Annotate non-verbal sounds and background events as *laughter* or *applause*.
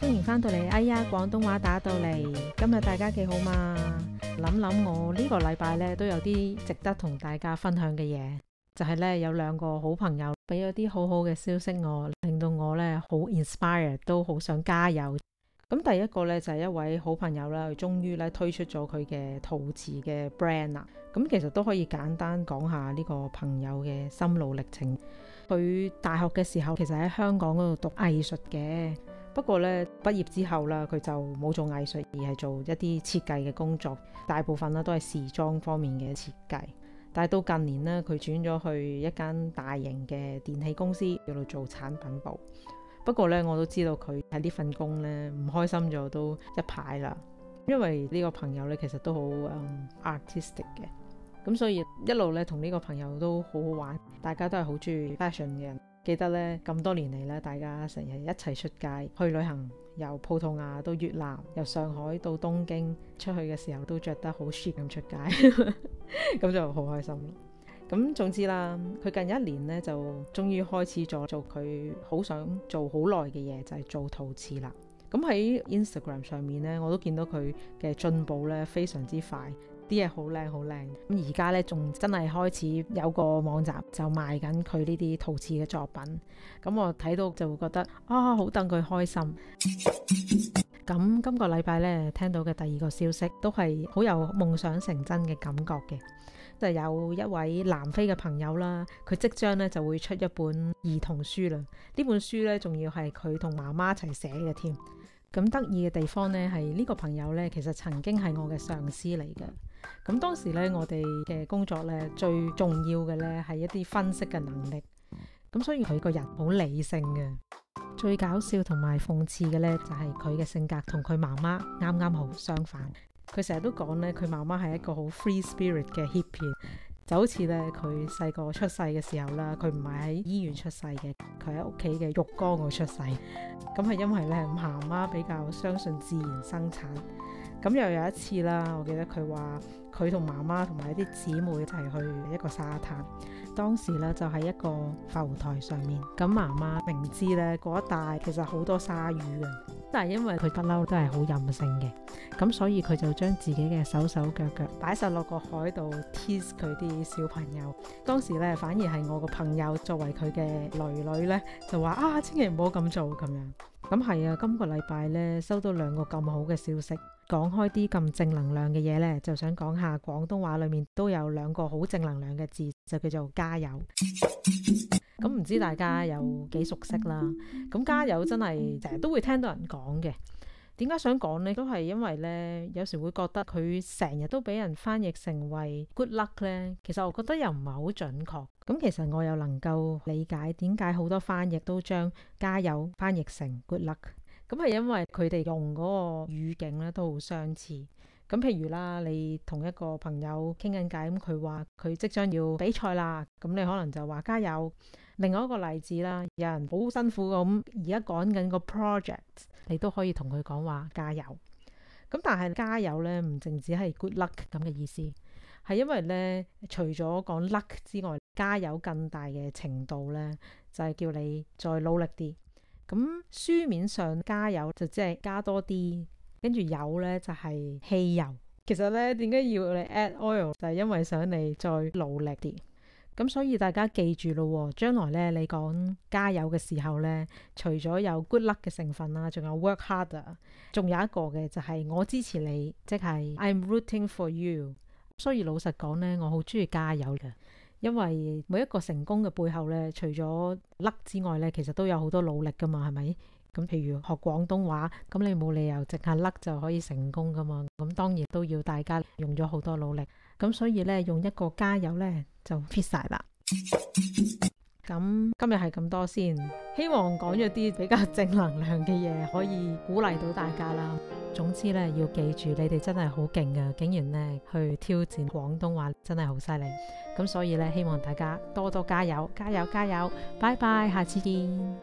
歡迎翻到嚟，哎呀，廣東話打到嚟，今日大家幾好嘛？諗諗，我、這個、呢個禮拜咧都有啲值得同大家分享嘅嘢，就係、是、咧有兩個好朋友俾咗啲好好嘅消息我，令到我咧好 inspire，都好想加油。咁第一個咧就係、是、一位好朋友啦，佢終於咧推出咗佢嘅陶瓷嘅 brand 啦。咁其實都可以簡單講下呢個朋友嘅心路歷程。佢大學嘅時候其實喺香港嗰度讀藝術嘅。不過咧，畢業之後啦，佢就冇做藝術，而係做一啲設計嘅工作。大部分啦都係時裝方面嘅設計。但係到近年呢，佢轉咗去一間大型嘅電器公司嗰度做產品部。不過咧，我都知道佢喺呢份工咧唔開心咗都一排啦。因為呢個朋友咧其實都好誒、嗯、artistic 嘅，咁所以一路咧同呢個朋友都好好玩，大家都係好中意 fashion 嘅人。.記得咧，咁多年嚟啦，大家成日一齊出街去旅行，由葡萄牙到越南，由上海到東京，出去嘅時候都着得好 shit 咁出街，咁 *laughs* 就好開心咯。咁總之啦，佢近一年咧就終於開始咗做佢好想做好耐嘅嘢，就係做陶瓷啦。咁喺 Instagram 上面咧，我都見到佢嘅進步咧非常之快。啲嘢好靚，好靚咁。而家呢仲真係開始有個網站就賣緊佢呢啲陶瓷嘅作品。咁我睇到就會覺得啊，好等佢開心。咁今、 *coughs* 個禮拜呢，聽到嘅第二個消息，都係好有夢想成真嘅感覺嘅。就有一位南非嘅朋友啦，佢即將呢就會出一本兒童書啦。呢本書呢，仲要係佢同媽媽一齊寫嘅添。咁得意嘅地方呢，係呢個朋友呢，其實曾經係我嘅上司嚟嘅。咁當時咧，我哋嘅工作咧，最重要嘅咧係一啲分析嘅能力。咁所以佢個人好理性嘅。最搞笑同埋諷刺嘅咧就係佢嘅性格同佢媽媽啱啱好相反。佢成日都講咧，佢媽媽係一個好 free spirit 嘅 hippie，就好似咧，佢細個出世嘅時候啦，佢唔係喺醫院出世嘅，佢喺屋企嘅浴缸度出世。咁係因為咧，媽媽比較相信自然生產。咁又有一次啦，我記得佢話佢同媽媽同埋一啲姊妹一齊去一個沙灘，當時咧就喺一個浮台上面。咁媽媽明知咧嗰一帶其實好多鯊魚嘅，但係因為佢不嬲都係好任性嘅，咁所以佢就將自己嘅手手腳腳擺晒落個海度 tease 佢啲小朋友。當時咧反而係我個朋友作為佢嘅女女咧，就話啊，千祈唔好咁做咁樣。咁係啊，今個禮拜呢收到兩個咁好嘅消息，講開啲咁正能量嘅嘢呢，就想講下廣東話裏面都有兩個好正能量嘅字，就叫做加油。咁唔 *laughs* 知大家有幾熟悉啦？咁加油真係成日都會聽到人講嘅。點解想講呢？都係因為呢，有時會覺得佢成日都俾人翻譯成為 good luck 呢其實我覺得又唔係好準確。咁其實我又能夠理解點解好多翻譯都將加油翻譯成 good luck。咁係因為佢哋用嗰個語境咧都好相似。咁譬如啦，你同一個朋友傾緊偈，咁佢話佢即將要比賽啦，咁你可能就話加油。另外一個例子啦，有人好辛苦咁而家講緊個 project。你都可以同佢講話加油，咁但係加油呢，唔淨止係 good luck 咁嘅意思，係因為呢，除咗講 luck 之外，加油更大嘅程度呢，就係叫你再努力啲。咁書面上加油就即係加多啲，跟住油呢就係汽油。其實呢，點解要你 add oil 就係因為想你再努力啲。咁所以大家記住咯，將來咧你講加油嘅時候咧，除咗有 good luck 嘅成分啦，仲有 work harder，仲有一個嘅就係我支持你，即係 I'm rooting for you。所以老實講咧，我好中意加油嘅，因為每一個成功嘅背後咧，除咗 luck 之外咧，其實都有好多努力噶嘛，係咪？咁譬如學廣東話，咁你冇理由淨係甩就可以成功㗎嘛？咁當然都要大家用咗好多努力。咁所以呢，用一個加油呢，就撇晒啦。咁 *laughs* 今日係咁多先，希望講咗啲比較正能量嘅嘢，可以鼓勵到大家啦。總之呢，要記住你哋真係好勁啊！竟然呢去挑戰廣東話，真係好犀利。咁所以呢，希望大家多多加油、加油、加油！加油拜拜，下次見。